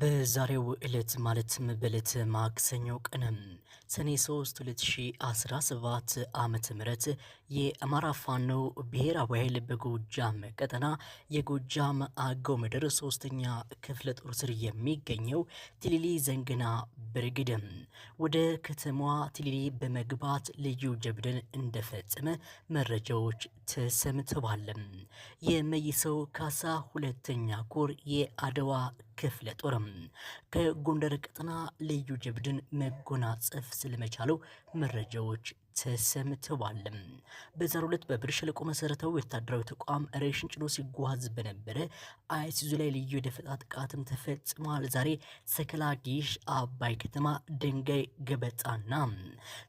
በዛሬው ዕለት ማለትም በዕለት ማክሰኞ ቀንም ሰኔ 3 2017 ዓመተ ምህረት የአማራ ፋኖ ብሔራዊ ኃይል በጎጃም ቀጠና የጎጃም አገው ምድር ሶስተኛ ክፍለ ጦር ስር የሚገኘው ቲሊሊ ዘንግና ብርግድም ወደ ከተማዋ ቲሊሊ በመግባት ልዩ ጀብድን እንደፈጸመ መረጃዎች ተሰምተዋል። የመይሰው ካሳ ሁለተኛ ኮር የአድዋ ክፍለ ጦርም ከጎንደር ቀጠና ልዩ ጀብድን መጎናጸፍ ስለመቻለው መረጃዎች ተሰምተዋልም። በዛሬው ዕለት በብር ሸለቆ መሰረታዊ ወታደራዊ ተቋም ሬሽን ጭኖ ሲጓዝ በነበረ አይሱዙ ላይ ልዩ የደፈጣ ጥቃትም ተፈጽሟል። ዛሬ ሰከላ ጊሽ አባይ ከተማ ደንጋይ ገበጣና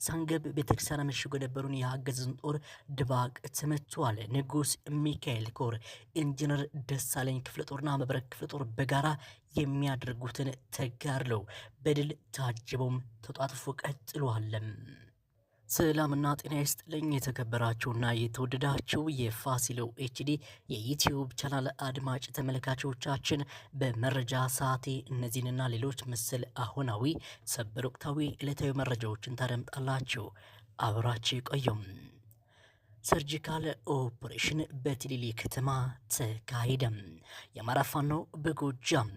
ሳንገብ ቤተክርስቲያን መሽጎ የነበሩን የአገዝን ጦር ድባቅ ተመቷል። ንጉስ ሚካኤል ኮር ኢንጂነር ደሳለኝ ክፍለ ጦርና መብረቅ ክፍለ ጦር በጋራ የሚያደርጉትን ተጋድለው በድል ታጅበውም ተጧጥፎ ቀጥሏለም። ሰላምና ጤና ይስጥልኝ የተከበራችሁና የተወደዳችሁ የፋሲሎ ኤችዲ የዩትዩብ ቻናል አድማጭ ተመልካቾቻችን፣ በመረጃ ሰዓቴ እነዚህንና ሌሎች ምስል አሁናዊ ሰበር ወቅታዊ ዕለታዊ መረጃዎችን ታደምጣላችሁ። አብራችሁ ቆዩም። ሰርጂካል ኦፕሬሽን በቲሊሊ ከተማ ተካሄደ። የአማራ ፋኖ በጎጃም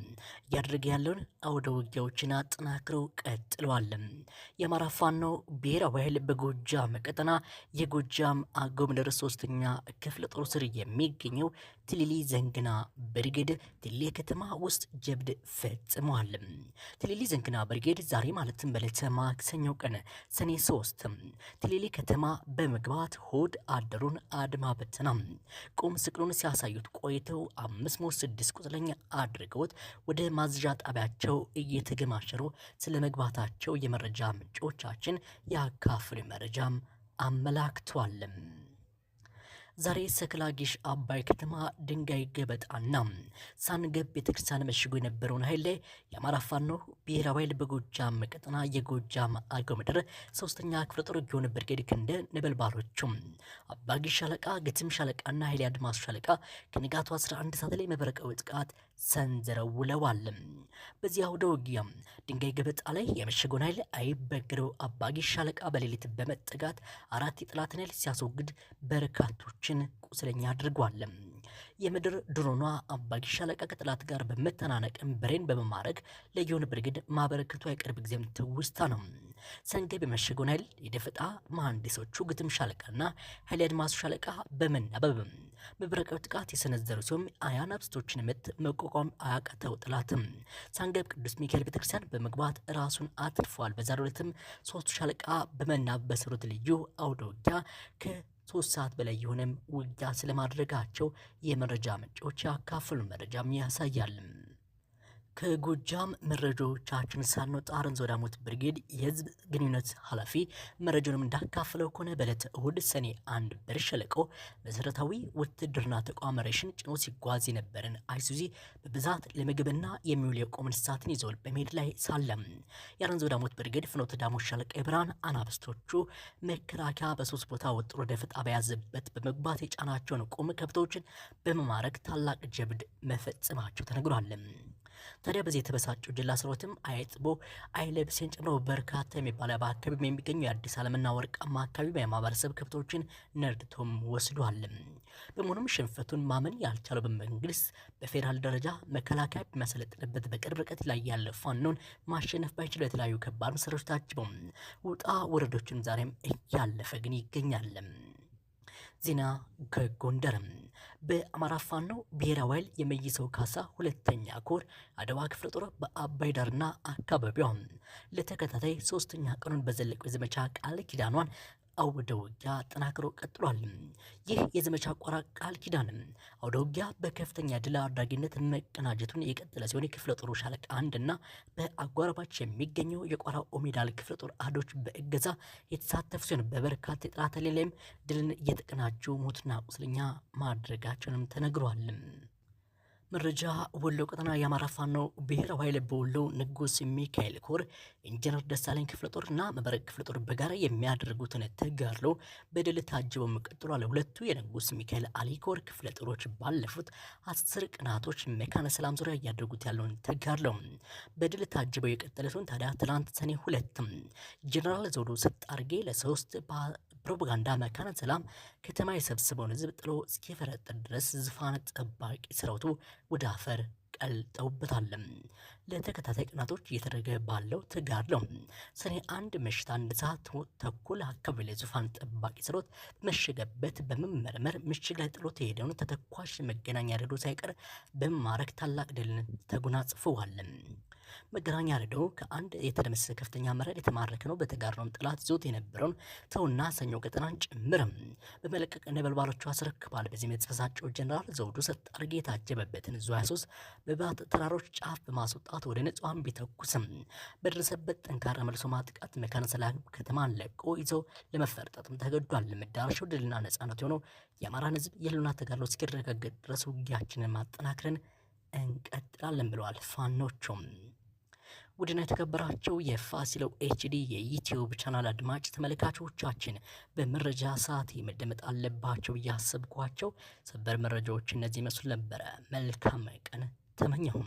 እያደረገ ያለውን አውደ ውጊያዎችን አጠናክረው ቀጥለዋል። የአማራ ፋኖ ብሔራዊ ኃይል በጎጃም ቀጠና የጎጃም አጎምደር ሶስተኛ ክፍለ ጦር ስር የሚገኘው ትሊሊ ዘንግና ብርጌድ ትሊሊ ከተማ ውስጥ ጀብድ ፈጽመዋል። ትሊሊ ዘንግና ብርጌድ ዛሬ ማለትም በዕለተ ማክሰኞ ቀን ሰኔ ሶስት ትሊሊ ከተማ በመግባት ሆድ አደሩን አድማ በትና ቁም ስቅሉን ሲያሳዩት ቆይተው አምስት ሞት ስድስት ቁስለኛ አድርገውት ወደ ማዝዣ ጣቢያቸው እየተገማሸሩ ስለ መግባታቸው የመረጃ ምንጮቻችን ያካፍሉ መረጃም አመላክቷልም። ዛሬ ሰከላ ጊሽ አባይ ከተማ ድንጋይ ገበጣና ሳንገብ ቤተክርስቲያን መሽጎ የነበረውን ኃይል ላይ የአማራ ፋኖ ብሔራዊ ኃይል በጎጃም ቀጠና የጎጃም አገው ምድር ሶስተኛ ክፍለ ጦር ጊዮን ብርጌድ ክንደ ነበልባሎቹ አባጊ ሻለቃ፣ ግትም ሻለቃና ኃይሌ አድማሱ ሻለቃ ከንጋቱ 11 ሰዓት ላይ መብረቃዊ ጥቃት ሰንዝረውለዋል። በዚህ አውደ ውጊያ ድንጋይ ገበጣ ላይ የመሸጎን ኃይል አይበግረው አባጊ ሻለቃ በሌሊት በመጠጋት አራት የጠላትን ኃይል ሲያስወግድ በርካቶችን ቁስለኛ አድርጓል። የምድር ድሮኗ አባ ጊሻለቃ ከጠላት ጋር በመተናነቅም ብሬን በመማረግ ለጊዮን ብርግድ ማበረከቱ የቅርብ ጊዜም ትውስታ ነው። ሰንገብ በመሸገውን ኃይል የደፈጣ መሐንዲሶቹ ግትም ሻለቃና ኃይል አድማሱ ሻለቃ በመናበብ መብረቃዊ ጥቃት የሰነዘሩ ሲሆን አያን አብስቶችን ምት መቋቋም አያቀተው ጥላትም ሳንገብ ቅዱስ ሚካኤል ቤተክርስቲያን በመግባት ራሱን አትርፏል። በዛሬው ዕለትም ሶስቱ ሻለቃ በመናብ በሰሩት ልዩ አውደ ውጊያ ሶስት ሰዓት በላይ የሆነም ውጊያ ስለማድረጋቸው የመረጃ ምንጮች ያካፍሉን መረጃም ያሳያል። ከጎጃም መረጃዎቻችን ሳንወጣ አረንዞ ዳሞት ብርጌድ የህዝብ ግንኙነት ኃላፊ መረጃውንም እንዳካፍለው ከሆነ በዕለት እሁድ ሰኔ አንድ በር ሸለቆ መሰረታዊ ውትድርና ተቋም ሬሽን ጭኖ ሲጓዝ የነበረን አይሱዚ በብዛት ለምግብና የሚውል የቆም እንስሳትን ይዘውል በመሄድ ላይ ሳለም የአረንዞ ዳሞት ብርጌድ ፍኖተ ዳሞት ሸለቆ የብርሃን አናብስቶቹ መከላከያ በሶስት ቦታ ወጥሮ ደፍጣ በያዘበት በመግባት የጫናቸውን ቁም ከብቶችን በመማረክ ታላቅ ጀብድ መፈጸማቸው ተነግሯለም። ታዲያ በዚህ የተበሳጩ ጅላ ስሮትም አይጥቦ አይለብሴን ጨምሮ በርካታ የሚባለ በአካባቢ የሚገኙ የአዲስ ዓለምና ወርቃማ አካባቢ የማህበረሰብ ከብቶችን ነርድቶም ወስዷል። በመሆኑም ሽንፈቱን ማመን ያልቻለው በመንግስት በፌዴራል ደረጃ መከላከያ በሚያሰለጥንበት በቅርብ ርቀት ላይ ያለ ፋኖን ማሸነፍ ባይችሉ የተለያዩ ከባድ መሳሪያዎች ታጅበው ውጣ ወረዶችን ዛሬም እያለፈ ግን ይገኛለም። ዜና ከጎንደርም በአማራ ፋኖ ብሔራዊ ኃይል የመይሰው ካሳ ሁለተኛ ኮር አድዋ ክፍለ ጦር በአባይ ዳርና አካባቢዋ ለተከታታይ ሶስተኛ ቀኑን በዘለቀው የዘመቻ ቃል ኪዳኗን አውደ ውጊያ ጠናክሮ ቀጥሏል። ይህ የዘመቻ አቋራ ቃል ኪዳን አውደ ውጊያ በከፍተኛ ድል አድራጊነት መቀናጀቱን የቀጠለ ሲሆን የክፍለ ጦሩ ሻለቃ አንድና በአጓራባች የሚገኘው የቋራ ኦሜዳል ክፍለ ጦር አህዶች በእገዛ የተሳተፉ ሲሆን በበርካታ የጠላት ኃይል ላይም ድልን እየተቀናጁ ሞትና ቁስለኛ ማድረጋቸውንም ተነግሯል። መረጃ ወሎ ቀጠና የአማራ ፋኖ ብሔራዊ ኃይል በወሎ ንጉስ ሚካኤል ኮር ኢንጂነር ደሳለኝ ክፍለ ጦርና መብረቅ ክፍለ ጦር በጋራ የሚያደርጉትን ተጋድሎ በድል ታጅበው መቀጠሏል። ሁለቱ የንጉስ ሚካኤል አሊኮር ክፍለ ጦሮች ባለፉት አስር ቀናቶች መካነ ሰላም ዙሪያ እያደረጉት ያለውን ተጋድሎ በድል ታጅበው የቀጠለ ሲሆን ታዲያ ትላንት ሰኔ ሁለትም ጀነራል ዘውዱ አርጌ ለሶስት ፕሮፓጋንዳ መካነ ሰላም ከተማ የሰብስበውን ህዝብ ጥሎ እስኪፈረጥር ድረስ ዙፋን ጠባቂ ሰራዊቱ ወደ አፈር ቀልጠውበታል። ለተከታታይ ቀናቶች እየተደረገ ባለው ትጋር ነው። ሰኔ አንድ ምሽት አንድ ሰዓት ተኩል አካባቢ ላይ ዙፋን ጠባቂ ሰራዊት መሸገበት በመመርመር ምሽግ ላይ ጥሎት የሄደውን ተተኳሽ መገናኛ ሬዲዮ ሳይቀር በማረክ ታላቅ ድልን ተጎናጽፈዋል። መገናኛ ሬዲዮ ከአንድ የተደመሰሰ ከፍተኛ አመራር የተማረከ ነው። በተጋድሎም ጥላት ይዞት የነበረውን ተውና ሰኞ ገጠናን ጭምርም በመለቀቅ ነበልባሎቹ አስረክቧል። በዚህም የተበሳጨው ጀኔራል ዘውዱ ሰጣርጌ የታጀበበትን ዙ 23 በባት ተራሮች ጫፍ በማስወጣት ወደ ንጹሐን ቢተኩስም በደረሰበት ጠንካራ መልሶ ማጥቃት መካነ ሰላም ከተማን ለቆ ይዘው ለመፈርጠጥም ተገዷል። መዳረሻው ድልና ነጻነት የሆነው የአማራን ህዝብ የህልውና ተጋድሎ እስኪረጋገጥ ድረስ ውጊያችንን ማጠናክረን እንቀጥላለን ብለዋል ፋኖቹም። ውድነ የተከበራቸው የፋሲለው ኤችዲ የዩትዩብ ቻናል አድማጭ ተመልካቾቻችን በመረጃ ሰዓት መደመጥ አለባቸው እያሰብኳቸው ሰበር መረጃዎች እነዚህ መስሉ ነበረ። መልካም ቀን ተመኘሁም።